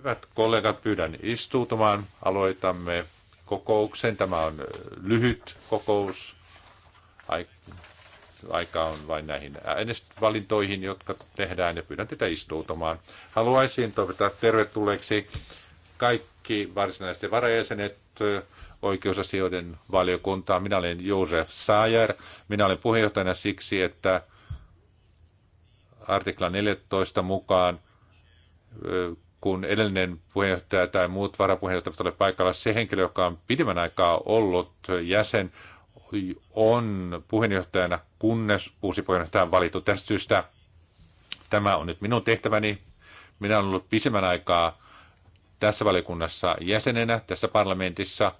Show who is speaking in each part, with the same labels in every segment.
Speaker 1: Hyvät kollegat, pyydän istuutumaan. Aloitamme kokouksen. Tämä on lyhyt kokous. Aika on vain näihin äänestysvalintoihin, jotka tehdään, ja pyydän teitä istuutumaan. Haluaisin toivottaa tervetulleeksi kaikki varsinaiset varajäsenet oikeusasioiden valiokuntaa. Minä olen Josef Saajer. Minä olen puheenjohtajana siksi, että artikla 14 mukaan kun edellinen puheenjohtaja tai muut varapuheenjohtajat ole paikalla, se henkilö, joka on pidemmän aikaa ollut jäsen, on puheenjohtajana, kunnes uusi puheenjohtaja on valittu. Tästä syystä tämä on nyt minun tehtäväni. Minä olen ollut pisimmän aikaa tässä valiokunnassa jäsenenä, tässä parlamentissa.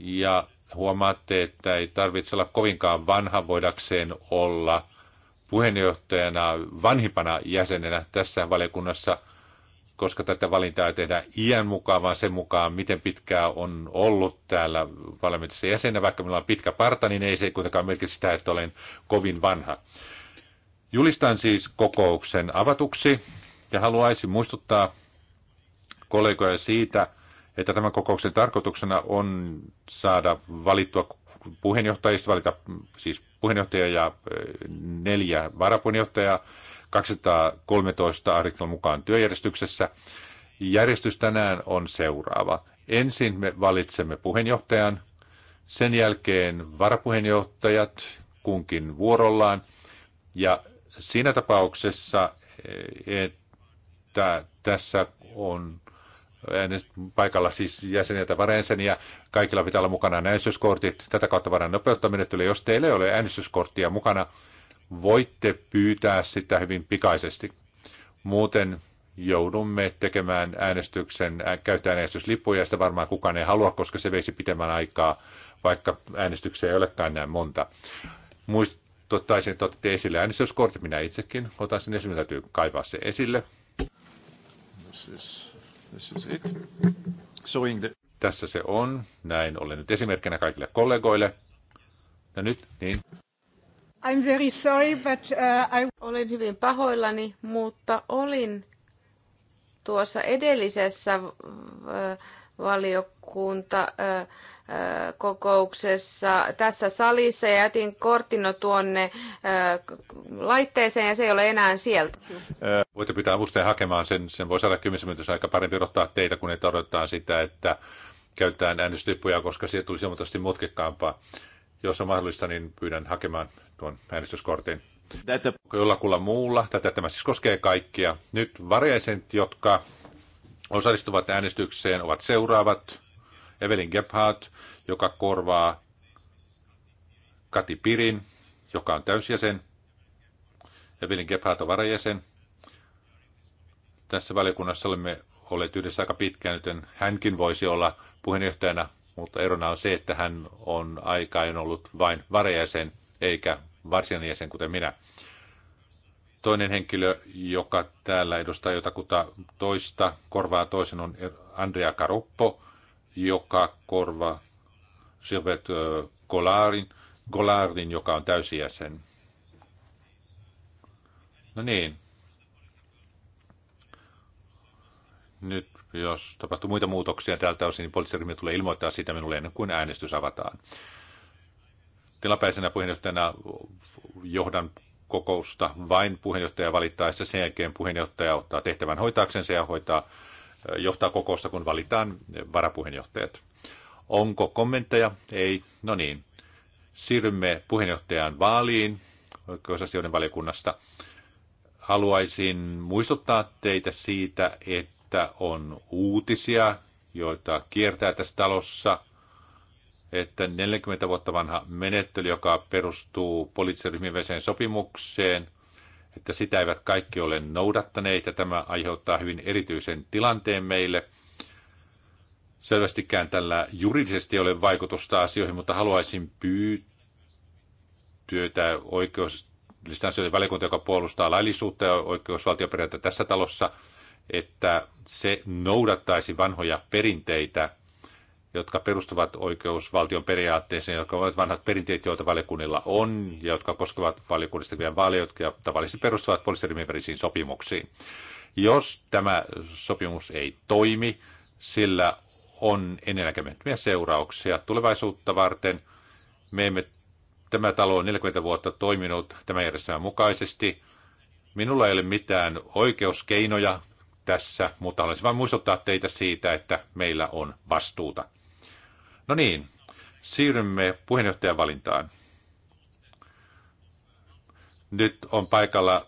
Speaker 1: Ja huomaatte, että ei tarvitse olla kovinkaan vanha voidakseen olla – puheenjohtajana, vanhimpana jäsenenä tässä valiokunnassa, koska tätä valintaa ei tehdä iän mukaan, vaan sen mukaan, miten pitkää on ollut täällä valmiitessa jäsenä. Vaikka minulla on pitkä parta, niin ei se kuitenkaan merkitse sitä, että olen kovin vanha. Julistan siis kokouksen avatuksi ja haluaisin muistuttaa kollegoja siitä, että tämän kokouksen tarkoituksena on saada valittua puheenjohtajista valita siis puheenjohtaja ja neljä varapuheenjohtajaa 213 artiklan mukaan työjärjestyksessä. Järjestys tänään on seuraava. Ensin me valitsemme puheenjohtajan, sen jälkeen varapuheenjohtajat kunkin vuorollaan ja siinä tapauksessa, e, että tässä on paikalla siis jäseniltä ja Kaikilla pitää olla mukana äänestyskortit. Tätä kautta voidaan nopeuttaa menettelyä. Jos teillä ei ole äänestyskorttia mukana, voitte pyytää sitä hyvin pikaisesti. Muuten joudumme tekemään äänestyksen, käyttää äänestyslippuja, ja sitä varmaan kukaan ei halua, koska se veisi pitemmän aikaa, vaikka äänestyksiä ei olekaan näin monta. Muistuttaisin, että otitte esille äänestyskortit, minä itsekin otan sen esille, täytyy kaivaa se esille. This is... This is it. So English. Tässä se on. Näin olen nyt esimerkkinä kaikille kollegoille. Ja nyt niin.
Speaker 2: I'm very sorry, but uh, I... Olen hyvin pahoillani, mutta olin tuossa edellisessä valiokunta... Uh, kokouksessa tässä salissa ja jätin korttino tuonne laitteeseen ja se ei ole enää sieltä.
Speaker 1: Voitte pitää avustajan hakemaan sen, sen voi saada 10 minuutissa aika parempi odottaa teitä, kun ei odottaa sitä, että käytetään äänestysppuja, koska se tulisi huomattavasti mutkikkaampaa. Jos on mahdollista, niin pyydän hakemaan tuon äänestyskortin. Tätä. Jollakulla muulla, tätä tämä siis koskee kaikkia. Nyt varjaiset, jotka osallistuvat äänestykseen, ovat seuraavat. Evelyn Gebhardt, joka korvaa Kati Pirin, joka on täysjäsen. Evelyn Gebhardt on varajäsen. Tässä valiokunnassa olemme olleet yhdessä aika pitkään, joten hänkin voisi olla puheenjohtajana, mutta erona on se, että hän on aikaan ollut vain varajäsen eikä varsinainen jäsen, kuten minä. Toinen henkilö, joka täällä edustaa jotakuta toista, korvaa toisen, on Andrea Karuppo, joka korvaa Gilbert Golarin, Golardin, joka on täysjäsen. No niin. Nyt jos tapahtuu muita muutoksia tältä osin, niin poliisiryhmä tulee ilmoittaa sitä minulle ennen kuin äänestys avataan. Tilapäisenä puheenjohtajana johdan kokousta vain puheenjohtaja valittaessa. Sen jälkeen puheenjohtaja ottaa tehtävän hoitaaksensa ja hoitaa johtaa kokousta, kun valitaan varapuheenjohtajat. Onko kommentteja? Ei. No niin. Siirrymme puheenjohtajan vaaliin oikeusasioiden valiokunnasta. Haluaisin muistuttaa teitä siitä, että on uutisia, joita kiertää tässä talossa, että 40 vuotta vanha menettely, joka perustuu poliittisen ryhmien sopimukseen – että sitä eivät kaikki ole noudattaneet ja tämä aiheuttaa hyvin erityisen tilanteen meille. Selvästikään tällä juridisesti ei ole vaikutusta asioihin, mutta haluaisin pyytää oikeus, asioiden valiokunta, joka puolustaa laillisuutta ja oikeusvaltioperiaatteita tässä talossa, että se noudattaisi vanhoja perinteitä jotka perustuvat oikeusvaltion periaatteeseen, jotka ovat vanhat perinteet, joita valiokunnilla on, ja jotka koskevat valiokunnista vielä vaaleja, jotka tavallisesti perustuvat poliisirimien välisiin sopimuksiin. Jos tämä sopimus ei toimi, sillä on ennennäkemättömiä seurauksia tulevaisuutta varten. Me emme, tämä talo on 40 vuotta toiminut tämän järjestelmän mukaisesti. Minulla ei ole mitään oikeuskeinoja tässä, mutta haluaisin vain muistuttaa teitä siitä, että meillä on vastuuta. No niin, siirrymme puheenjohtajan valintaan. Nyt on paikalla,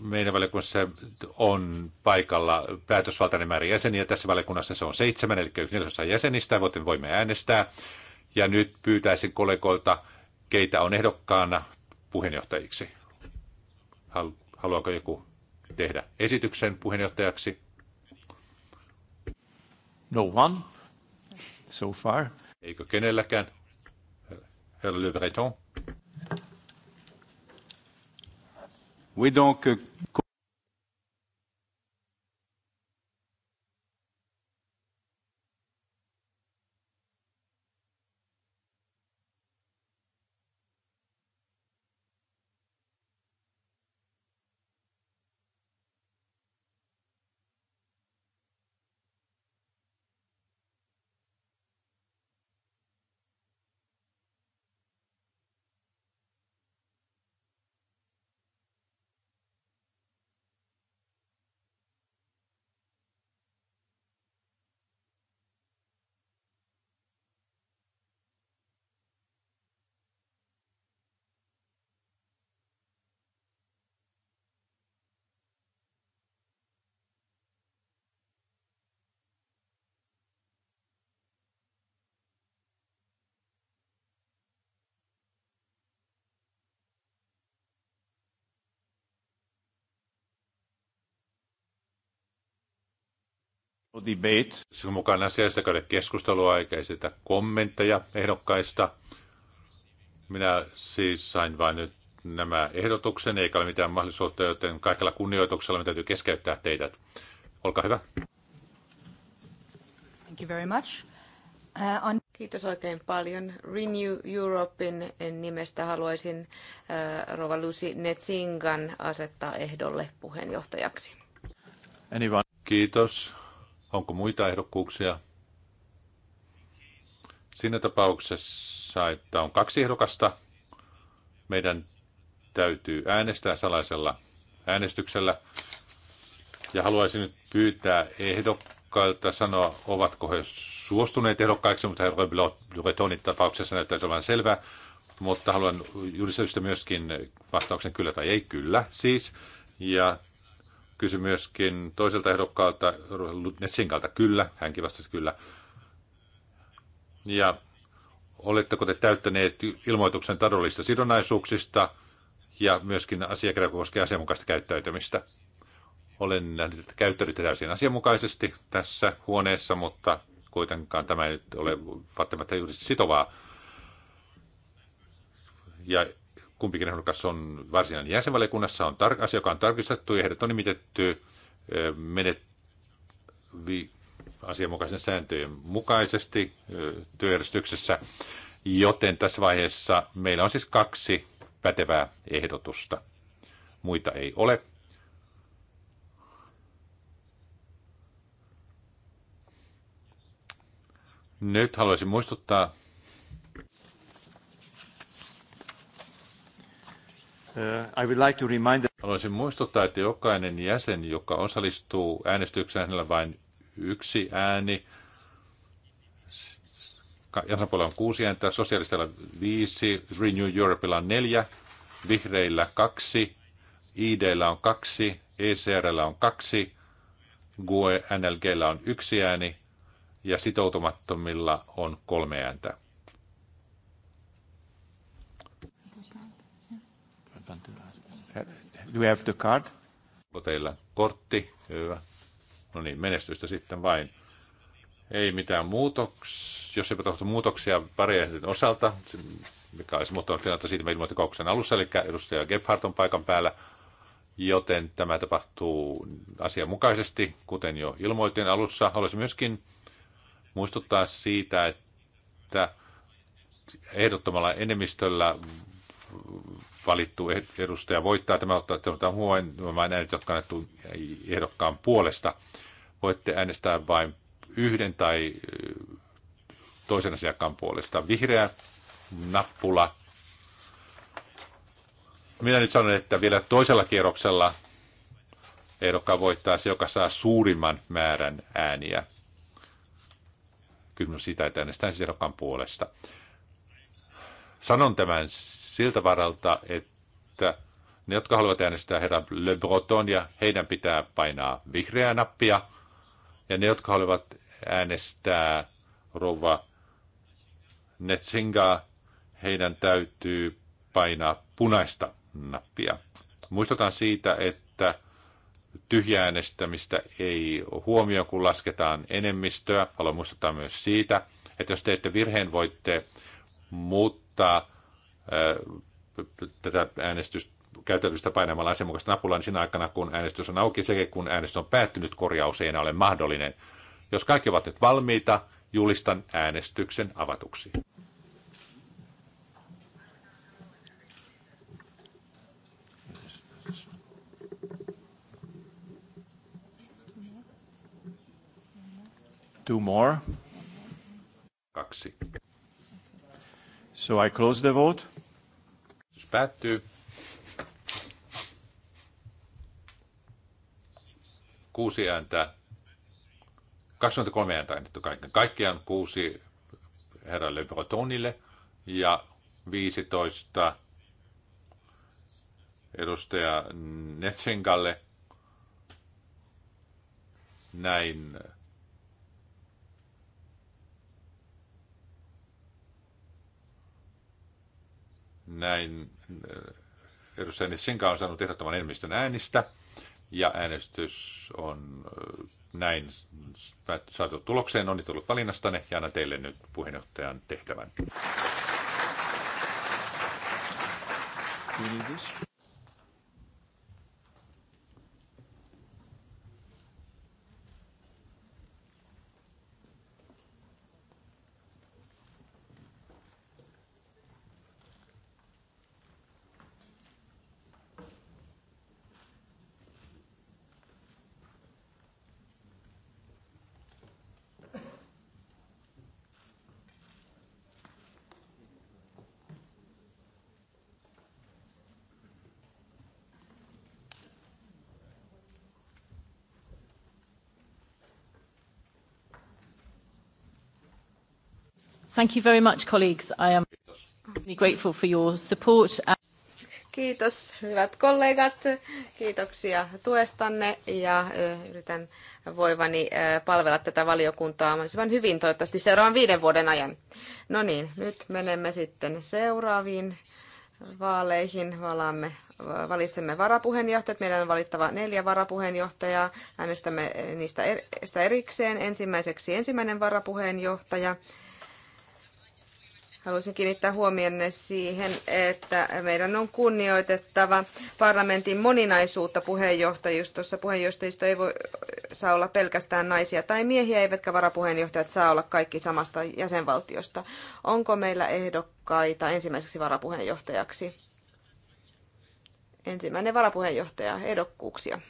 Speaker 1: meidän valiokunnassa on paikalla päätösvaltainen määrä jäseniä. Tässä valiokunnassa se on seitsemän, eli yksi neljäsosa jäsenistä, joten voimme äänestää. Ja nyt pyytäisin kollegoilta, keitä on ehdokkaana puheenjohtajiksi. Haluaako joku tehdä esityksen puheenjohtajaksi? No one so far. Eikö kenelläkään? Herra Le Breton. Oui, donc, euh, debate. Sinun mukaan asiasta käydä keskustelua eikä esitä kommentteja ehdokkaista. Minä siis sain vain nyt nämä ehdotuksen, eikä ole mitään mahdollisuutta, joten kaikella kunnioituksella me täytyy keskeyttää teidät. Olkaa hyvä.
Speaker 2: Thank you very much. Uh, on... Kiitos oikein paljon. Renew Europein nimestä haluaisin uh, Rova Lucy Netsingan asettaa ehdolle puheenjohtajaksi.
Speaker 1: Anyone? Kiitos. Onko muita ehdokkuuksia? Siinä tapauksessa, että on kaksi ehdokasta, meidän täytyy äänestää salaisella äänestyksellä. Ja haluaisin nyt pyytää ehdokkailta sanoa, ovatko he suostuneet ehdokkaiksi, mutta herra Bretonin tapauksessa näyttäisi olevan selvää. Mutta haluan julistaa myöskin vastauksen kyllä tai ei kyllä siis. Ja Kysy myöskin toiselta ehdokkaalta, Netsinkalta, kyllä, hänkin vastasi kyllä. Ja oletteko te täyttäneet ilmoituksen taloudellisista sidonnaisuuksista ja myöskin asiakirja koskee asianmukaista käyttäytymistä? Olen nähnyt, että käyttäydytte täysin asianmukaisesti tässä huoneessa, mutta kuitenkaan tämä ei nyt ole välttämättä juuri sitovaa. Ja kumpikin ehdokas on varsinainen jäsenvaliokunnassa, on tar- asia, joka on tarkistettu ja ehdot on nimitetty menet vi- asianmukaisen sääntöjen mukaisesti työjärjestyksessä, joten tässä vaiheessa meillä on siis kaksi pätevää ehdotusta. Muita ei ole. Nyt haluaisin muistuttaa Uh, I would like to remind... Haluaisin muistuttaa, että jokainen jäsen, joka osallistuu äänestykseen, hänellä vain yksi ääni. Jansapuolella on kuusi ääntä, sosiaalistilla viisi, Renew Europeilla on neljä, vihreillä kaksi, IDllä on kaksi, ECRllä on kaksi, GUE NLGllä on yksi ääni ja sitoutumattomilla on kolme ääntä.
Speaker 2: Do you have the card?
Speaker 1: Onko teillä kortti? Hyvä. No niin, menestystä sitten vain. Ei mitään muutoksia. Jos ei tapahtu muutoksia pärjäisten osalta, mikä olisi muuttunut tilannetta siitä, me ilmoitin kokouksen alussa, eli edustaja Gebhardt on paikan päällä, joten tämä tapahtuu asianmukaisesti, kuten jo ilmoitin alussa. Haluaisin myöskin muistuttaa siitä, että ehdottomalla enemmistöllä valittu edustaja voittaa. Tämä ottaa huomioon äänet, jotka annettu ehdokkaan puolesta. Voitte äänestää vain yhden tai toisen asiakkaan puolesta. Vihreä nappula. Minä nyt sanon, että vielä toisella kierroksella ehdokkaan voittaa se, joka saa suurimman määrän ääniä. Kysymys sitä, että äänestään siis ehdokkaan puolesta. Sanon tämän siltä varalta, että ne, jotka haluavat äänestää herra Le Bretonia, heidän pitää painaa vihreää nappia. Ja ne, jotka haluavat äänestää rouva Netsingaa, heidän täytyy painaa punaista nappia. Muistutan siitä, että tyhjäänestämistä ei huomio, kun lasketaan enemmistöä. Haluan muistuttaa myös siitä, että jos teette virheen, voitte muuttaa tätä äänestystä käytännöstä painamalla asianmukaista napulaa niin siinä aikana, kun äänestys on auki, sekä kun äänestys on päättynyt, korjaus ei enää ole mahdollinen. Jos kaikki ovat nyt valmiita, julistan äänestyksen avatuksi. Two more. Kaksi. So I close the vote. Päättyy. Kuusi ääntä. 23 ääntä annettu kaiken. Kaikkiaan kuusi herralle Le Bretonille ja 15 edustaja Netsengalle. Näin Näin eh, edustaja Nitsinka on saanut ehdottoman enemmistön äänistä ja äänestys on eh, näin saatu tulokseen. Onnitellut valinnastanne ja annan teille nyt puheenjohtajan tehtävän.
Speaker 3: Thank you very much, colleagues. I am grateful for your support.
Speaker 2: Kiitos hyvät kollegat, kiitoksia tuestanne ja yritän voivani palvella tätä valiokuntaa mahdollisimman hyvin toivottavasti seuraavan viiden vuoden ajan. No niin, nyt menemme sitten seuraaviin vaaleihin. Valaamme, valitsemme varapuheenjohtajat. Meidän on valittava neljä varapuheenjohtajaa. Äänestämme niistä er-, erikseen. Ensimmäiseksi ensimmäinen varapuheenjohtaja. Haluaisin kiinnittää huomionne siihen, että meidän on kunnioitettava parlamentin moninaisuutta puheenjohtajistossa. Puheenjohtajisto ei voi, saa olla pelkästään naisia tai miehiä, eivätkä varapuheenjohtajat saa olla kaikki samasta jäsenvaltiosta. Onko meillä ehdokkaita ensimmäiseksi varapuheenjohtajaksi? Ensimmäinen varapuheenjohtaja, ehdokkuuksia.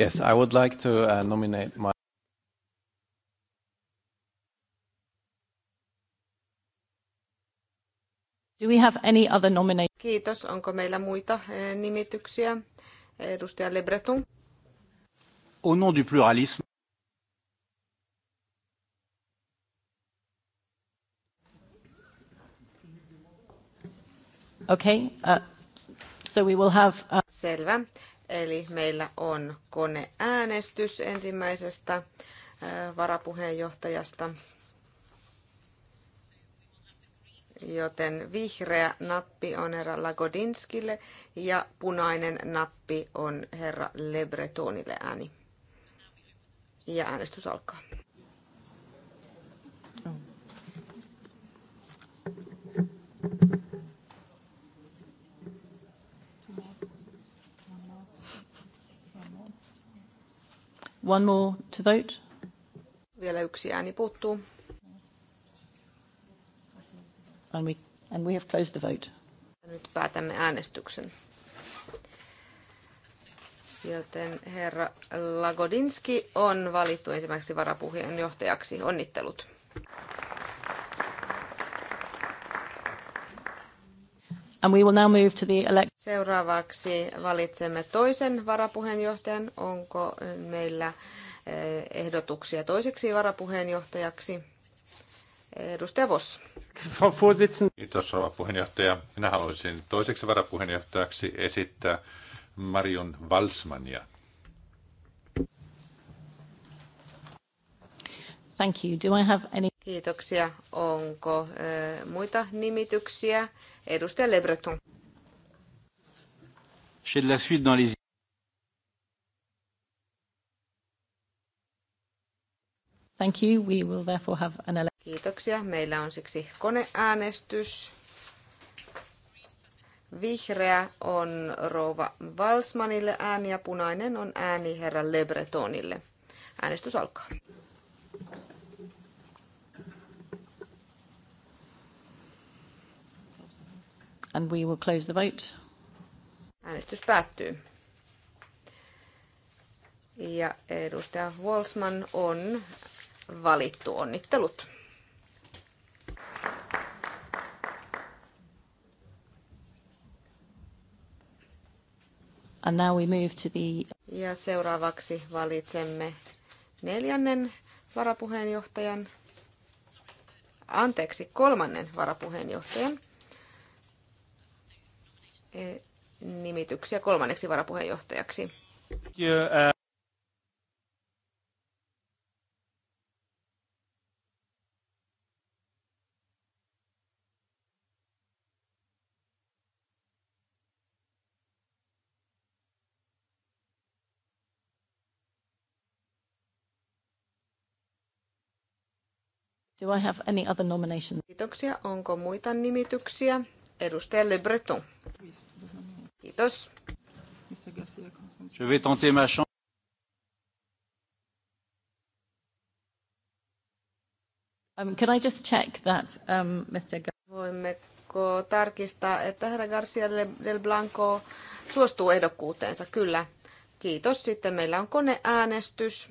Speaker 3: Yes, I would like to uh, nominate my... Do we have any other
Speaker 2: nomination? Kiitos. Onko meillä muita eh, nimityksiä? Edustaja Lebreton.
Speaker 1: Au nom du pluralisme. Okay,
Speaker 3: uh, so we will have... Uh...
Speaker 2: Selvä. Eli meillä on koneäänestys ensimmäisestä eh, varapuheenjohtajasta. Joten vihreä nappi on herra Lagodinskille ja punainen nappi on herra Lebretonille ääni. Ja äänestys alkaa.
Speaker 3: One more to vote.
Speaker 2: Vielä yksi ääni puuttuu. And we, have closed the vote. Nyt päätämme äänestyksen. Joten herra Lagodinski on valittu ensimmäiseksi varapuheenjohtajaksi. Onnittelut.
Speaker 3: And we will now move to the
Speaker 2: Seuraavaksi valitsemme toisen varapuheenjohtajan. Onko meillä eh, ehdotuksia toiseksi varapuheenjohtajaksi? Edustaja Voss.
Speaker 1: Kiitos rouva puheenjohtaja. Minä haluaisin toiseksi varapuheenjohtajaksi esittää Marion Valsmania.
Speaker 2: Thank
Speaker 3: you. Do I have any...
Speaker 2: Kiitoksia. Onko äh, muita nimityksiä? Edustaja Lebreton.
Speaker 1: J'ai de la suite dans les...
Speaker 3: Thank you. We will therefore have an
Speaker 2: Kiitoksia. Meillä on siksi koneäänestys. Vihreä on rouva Valsmanille ääni ja punainen on ääni herra Lebretonille. Äänestys alkaa. And we will close the vote. Äänestys päättyy. Ja edustaja Walsman on valittu. Onnittelut!
Speaker 3: And now we move to the...
Speaker 2: Ja seuraavaksi valitsemme neljännen varapuheenjohtajan, anteeksi, kolmannen varapuheenjohtajan e, nimityksiä kolmanneksi varapuheenjohtajaksi. Do I have any other nomination? Kiitoksia. Onko muita nimityksiä? Edustaja Le Breton. Kiitos.
Speaker 1: Je vais tenter ma chance.
Speaker 3: Um, can I just check that, um, Mr.
Speaker 2: Voimmeko tarkistaa, että herra Garcia del Blanco suostuu ehdokkuuteensa? Kyllä. Kiitos. Sitten meillä on koneäänestys.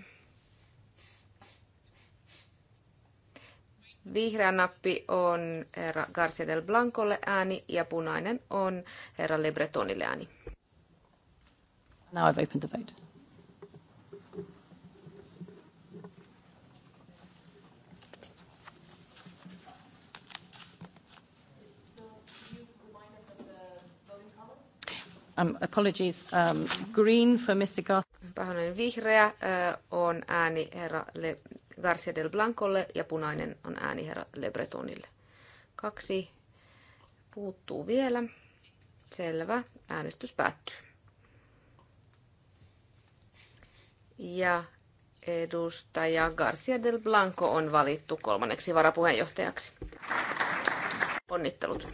Speaker 2: Vihreä nappi on herra Garcia del Blancolle ääni ja punainen on herra Lebretonille ääni.
Speaker 3: Now I've opened the vote.
Speaker 2: Um, apologies, um, green for Mr. Garth. Pahoinen vihreä uh, on ääni herra Le Garcia del Blancolle ja punainen on ääniherra Le Bretonille. Kaksi puuttuu vielä. Selvä. Äänestys päättyy. Ja edustaja Garcia del Blanco on valittu kolmanneksi varapuheenjohtajaksi. Onnittelut.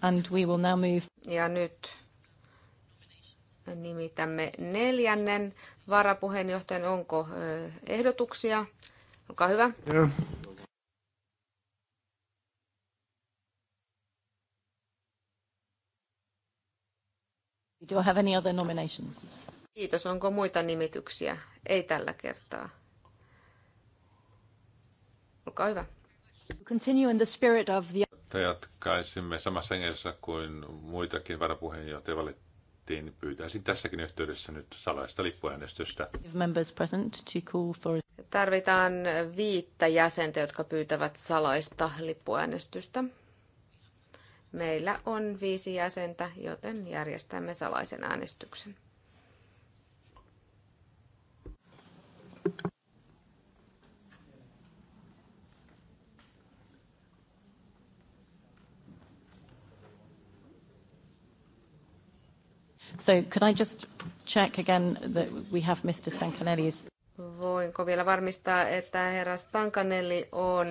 Speaker 2: And we will now move. Ja nyt nimitämme neljännen varapuheenjohtajan. Onko ehdotuksia? Olkaa hyvä. Joo.
Speaker 3: Do I have any other nominations?
Speaker 2: Kiitos. Onko muita nimityksiä? Ei tällä kertaa. Olkaa hyvä. Continue in the spirit of the...
Speaker 1: Jatkaisimme samassa hengessä kuin muitakin varapuheenjohtajia valittu äänestettiin. Niin pyytäisin tässäkin yhteydessä nyt salaista lippuäänestystä.
Speaker 2: Tarvitaan viittä jäsentä, jotka pyytävät salaista lippuäänestystä. Meillä on viisi jäsentä, joten järjestämme salaisen äänestyksen.
Speaker 3: So could I just check again that we have Mr. Stankanelli's...
Speaker 2: Voinko vielä varmistaa, että herra Stankanelli on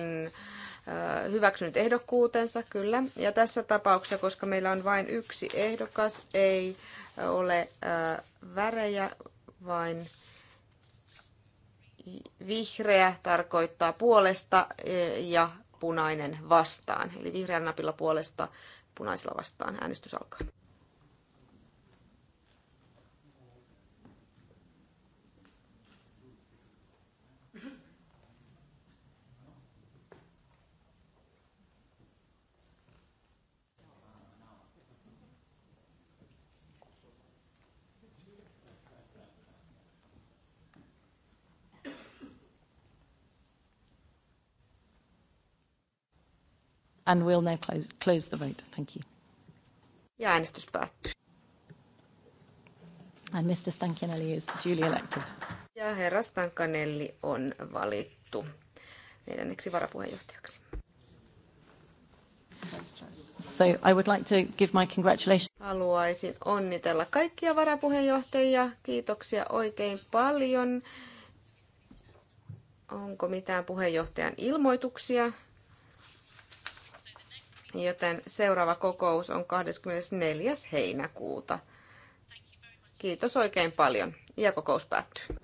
Speaker 2: hyväksynyt ehdokkuutensa, kyllä. Ja tässä tapauksessa, koska meillä on vain yksi ehdokas, ei ole värejä, vain vihreä tarkoittaa puolesta e, ja punainen vastaan. Eli vihreän napilla puolesta, punaisella vastaan. Äänestys alkaa.
Speaker 3: and we'll now close, close the vote. Thank you.
Speaker 2: Ja äänestys päättyy. And
Speaker 3: Mr. Stankinelli is duly elected.
Speaker 2: Ja herra Stankanelli on valittu neljänneksi varapuheenjohtajaksi.
Speaker 3: So I would like to give my congratulations.
Speaker 2: Haluaisin onnitella kaikkia varapuheenjohtajia. Kiitoksia oikein paljon. Onko mitään puheenjohtajan ilmoituksia? joten seuraava kokous on 24. heinäkuuta. Kiitos oikein paljon ja kokous päättyy.